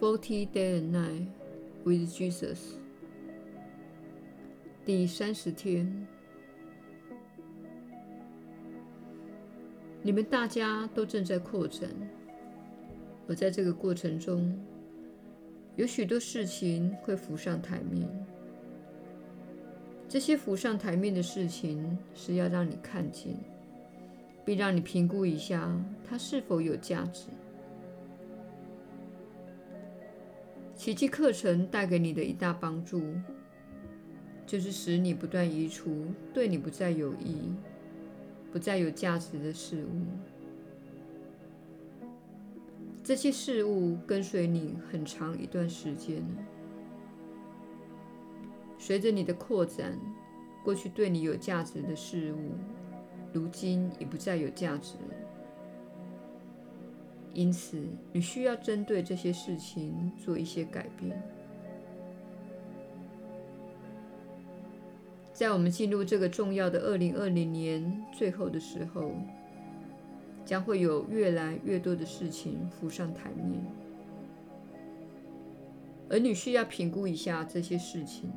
Forty Day and Night with Jesus。第三十天，你們大家都正在擴展，而在這個過程中，有許多事情會浮上檯面。這些浮上檯面的事情是要讓你看見，並讓你評估一下它是否有價值。奇蹟課程帶給你的一大幫助，就是使你不斷移除對你不再有益、不再有價值的事物。這些事物跟隨你很長一段時間了。隨着你的擴展，過去對你有價值的事物，如今已不再有價值了。因此，你需要針對這些事情做一些改變。在我們進入這個重要的二零二零年最後的時候，將會有越來越多的事情浮上檯面，而你需要評估一下這些事情，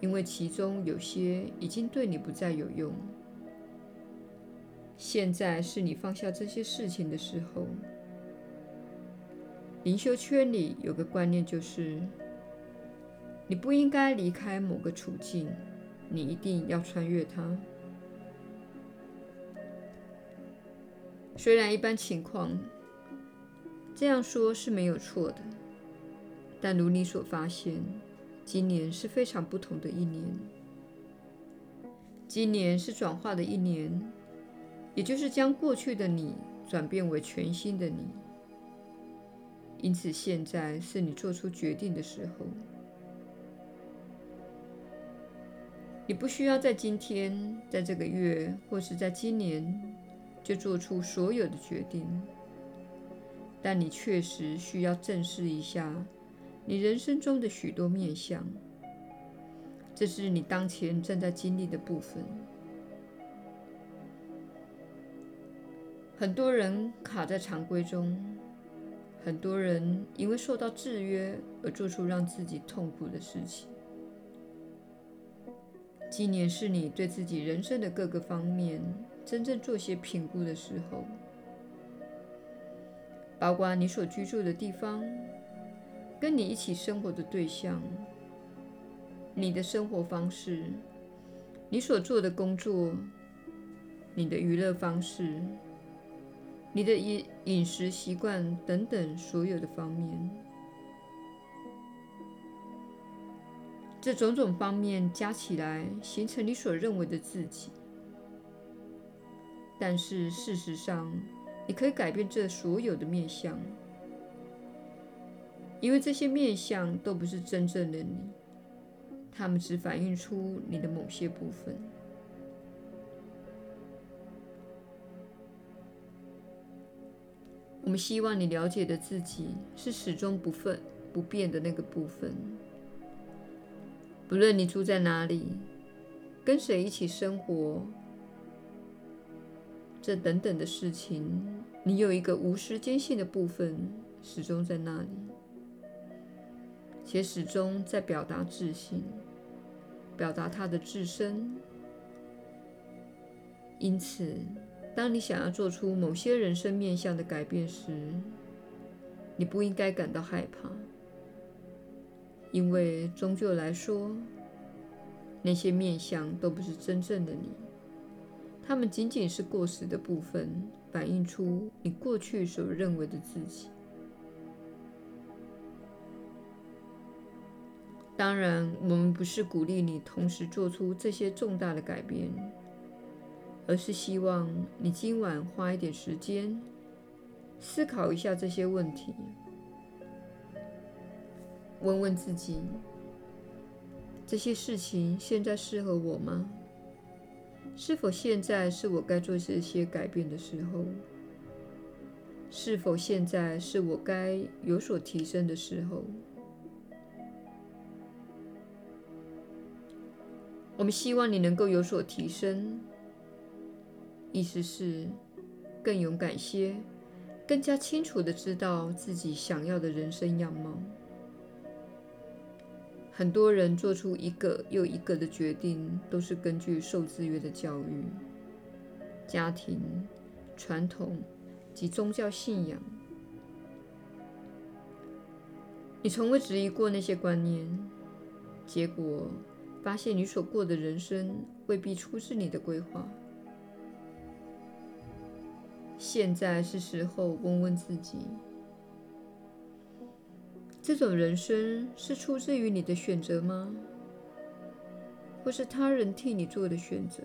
因為其中有些已經對你不再有用。現在是你放下這些事情的時候。靈修圈裡有個觀念，就是你不應該離開某個處境，你一定要穿越它。雖然一般情況這樣說是沒有錯的，但如你所發現，今年是非常不同的一年。今年是轉化的一年。也就是將過去的你轉變為全新的你。因此，現在是你做出決定的時候。你不需要在今天、在這個月或是在今年就做出所有的決定，但你確實需要正視一下你人生中的許多面向。這是你當前正在經歷的部分。很多人卡在常規中，很多人因為受到制約而做出讓自己痛苦的事情。今年是你對自己人生的各個方面真正做些評估的時候。包括你所居住的地方，跟你一起生活的對象，你的生活方式，你所做的工作，你的娛樂方式。你的飲飲食習慣等等所有的方面，這種種方面加起來形成你所認為的自己。但是事實上，你可以改變這所有的面向，因為這些面向都不是真正的你，它們只反映出你的某些部分。我們希望你了解的自己，是始終不分不變的那個部分。不論你住在哪裡，跟誰一起生活，這等等的事情，你有一個無時間性的部分，始終在那裡，且始終在表達自信，表達他的自身。因此。當你想要做出某些人生面向的改變時，你不應該感到害怕，因為終究來說，那些面向都不是真正的你，它們僅僅是過時的部分，反映出你過去所認為的自己。當然，我們不是鼓勵你同時做出這些重大的改變。而是希望你今晚花一點時間思考一下這些問題，問問自己：這些事情現在適合我嗎？是否現在是我該做這些改變的時候？是否現在是我該有所提升的時候？我們希望你能夠有所提升。意思是，更勇敢些，更加清楚的知道自己想要的人生樣貌。很多人做出一個又一個的決定，都是根據受制約的教育、家庭、傳統及宗教信仰。你從未質疑過那些觀念，結果發現你所過的人生未必出自你的規劃。現在是時候問問自己：這種人生是出自於你的選擇嗎？或是他人替你做的選擇？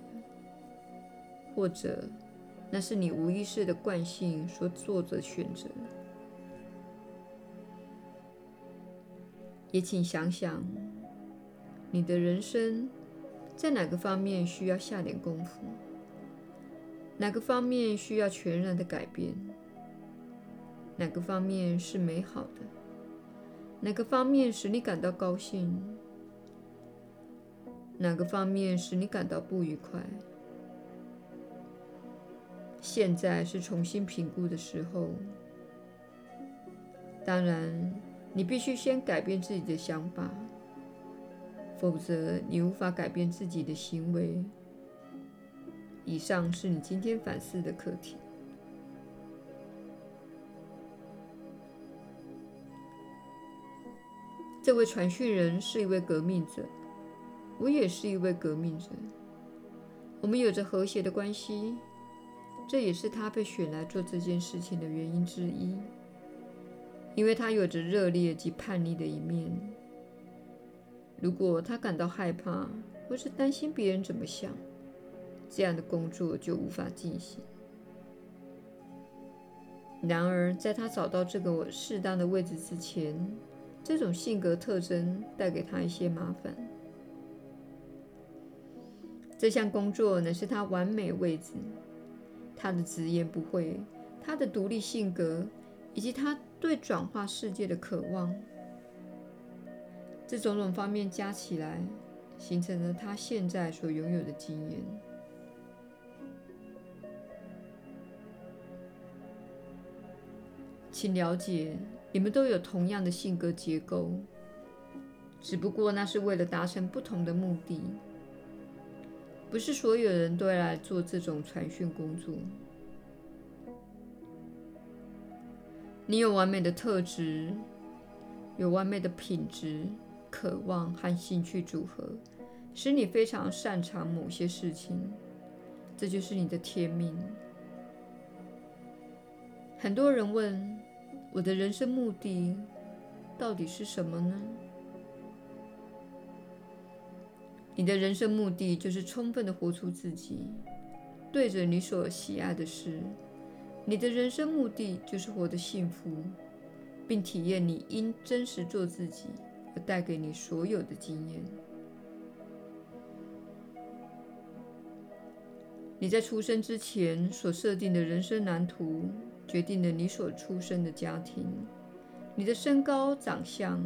或者那是你無意識的慣性所做的選擇？也請想想，你的人生在哪個方面需要下點功夫？哪個方面需要全然的改變？哪個方面是美好的？哪個方面使你感到高興？哪個方面使你感到不愉快？現在是重新評估的時候。當然，你必須先改變自己的想法，否則你無法改變自己的行為。以上是你今天反思的課題。這位傳訊人是一位革命者，我也是一位革命者，我們有着和諧的關係，這也是她被選來做這件事情的原因之一，因為她有着熱烈及叛逆的一面。如果她感到害怕或是擔心別人怎麼想。這樣的工作就無法進行。然而，在他找到這個適當的位置之前，這種性格特徵帶給他一些麻煩。這項工作乃是他完美位置，他的直言不諱，他的獨立性格，以及他對轉化世界的渴望，這種種方面加起來，形成了他現在所擁有的經驗。請了解，你們都有同樣的性格結構，只不過那是為了達成不同的目的。不是所有人都要來做這種傳訊工作。你有完美的特質，有完美的品質、渴望和興趣組合，使你非常擅長某些事情，這就是你的天命。很多人問，我的人生目的到底是什麼呢？你的人生目的就是充分地活出自己，對着你所喜愛的事。你的人生目的就是活得幸福，並體驗你因真實做自己而帶給你所有的經驗。你在出生之前所設定的人生藍圖。決定了你所出生的家庭、你的身高、長相，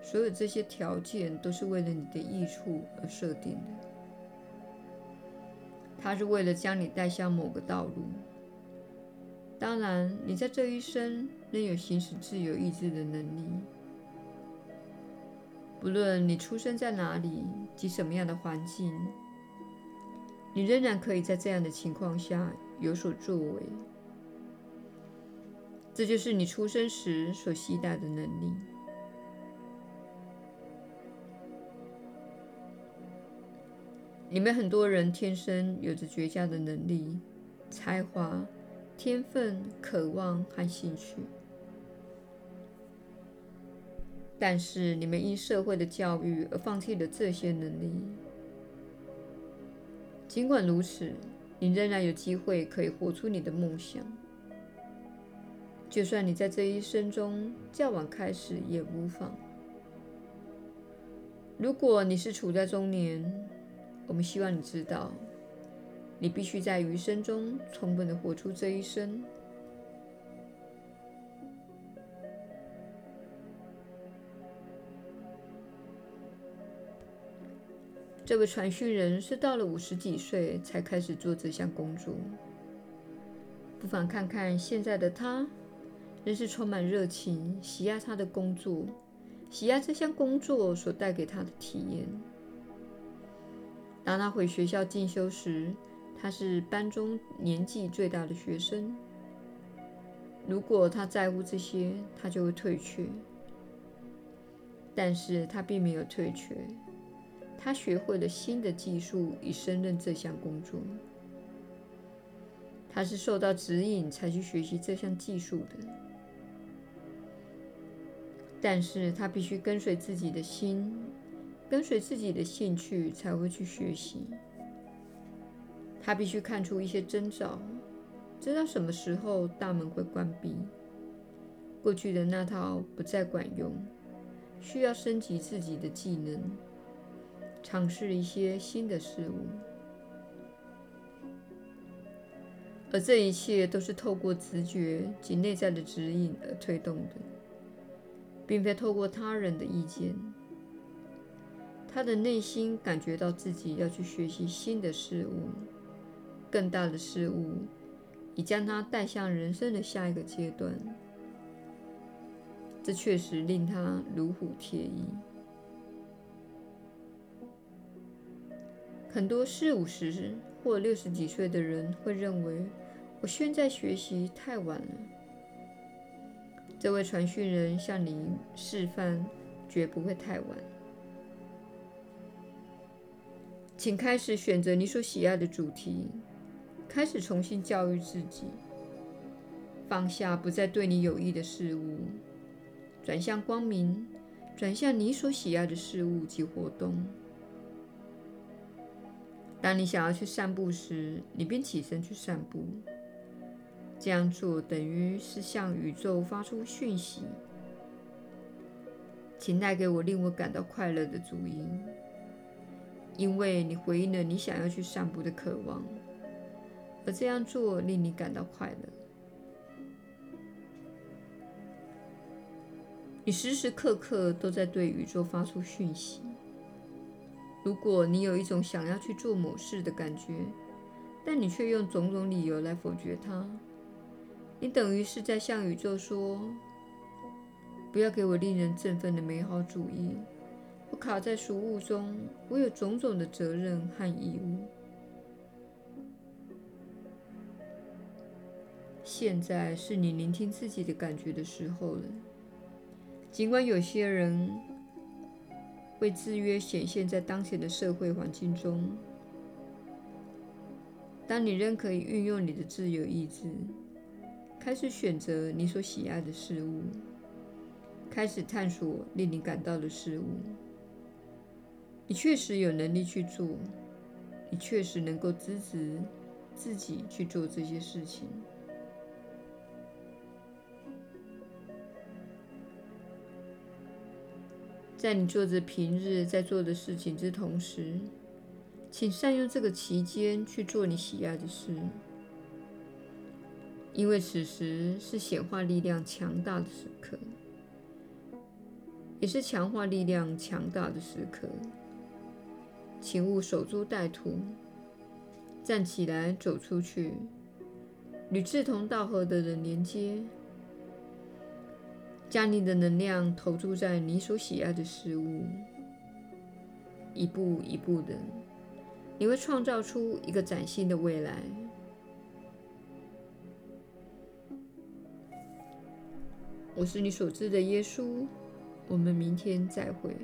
所有這些條件都是為了你的益處而設定的。它是為了將你帶向某個道路。當然，你在這一生仍有行使自由意志的能力。不論你出生在哪裡及什麼樣的環境，你仍然可以在這樣的情況下有所作為。這就是你出生時所攜帶的能力。你們很多人天生有着絕佳的能力、才華、天分、渴望和興趣，但是你們因社會的教育而放棄了這些能力。儘管如此，你仍然有機會可以活出你的夢想。就算你在這一生中較晚開始也無妨。如果你是處在中年，我們希望你知道，你必須在餘生中充分地活出這一生。這位傳訊人是到了五十幾歲才開始做這項工作，不妨看看現在的她。仍是充滿熱情，喜愛他的工作，喜愛這項工作所帶給他的體驗。當他回學校進修時，他是班中年紀最大的學生。如果他在乎這些，他就會退卻。但是他並沒有退卻，他學會了新的技術以勝任這項工作。他是受到指引才去學習這項技術的。但是他必須跟隨自己的心，跟隨自己的興趣才會去學習。他必須看出一些徵兆，知道什麼時候大門會關閉。過去的那套不再管用，需要升級自己的技能，嘗試一些新的事物。而這一切都是透過直覺及內在的指引而推動的。並非透過他人的意見，他的內心感覺到自己要去學習新的事物、更大的事物，以將他帶向人生的下一個階段。這確實令他如虎添翼。很多四、五十或六十幾歲的人會認為，我現在學習太晚了。這位傳訊人向你示範，絕不會太晚。請開始選擇你所喜愛的主題，開始重新教育自己，放下不再對你有益的事物，轉向光明，轉向你所喜愛的事物及活動。當你想要去散步時，你便起身去散步。這樣做等於是向宇宙發出訊息，請帶給我令我感到快樂的主因。因為你回應了你想要去散步的渴望，而這樣做令你感到快樂。你時時刻刻都在對宇宙發出訊息。如果你有一種想要去做某事的感覺，但你却用種種理由來否決它。你等於是在向宇宙說：“不要給我令人振奮的美好主意，我卡在俗物中，我有種種的責任和義務。”現在是你聆聽自己的感覺的時候了。儘管有些人被制約顯現在當前的社會環境中，但你仍可以運用你的自由意志。開始選擇你所喜愛的事物，開始探索令你感到的事物。你確實有能力去做，你確實能夠支持自己去做這些事情。在你做着平日在做的事情之同時，請善用這個期間去做你喜愛的事。因為此時是顯化力量強大的時刻，也是強化力量強大的時刻，請勿守株待兔，站起來走出去，與志同道合的人連接，將你的能量投注在你所喜愛的事物，一步一步的，你會創造出一個嶄新的未來。我是你所知的耶穌，我們明天再會。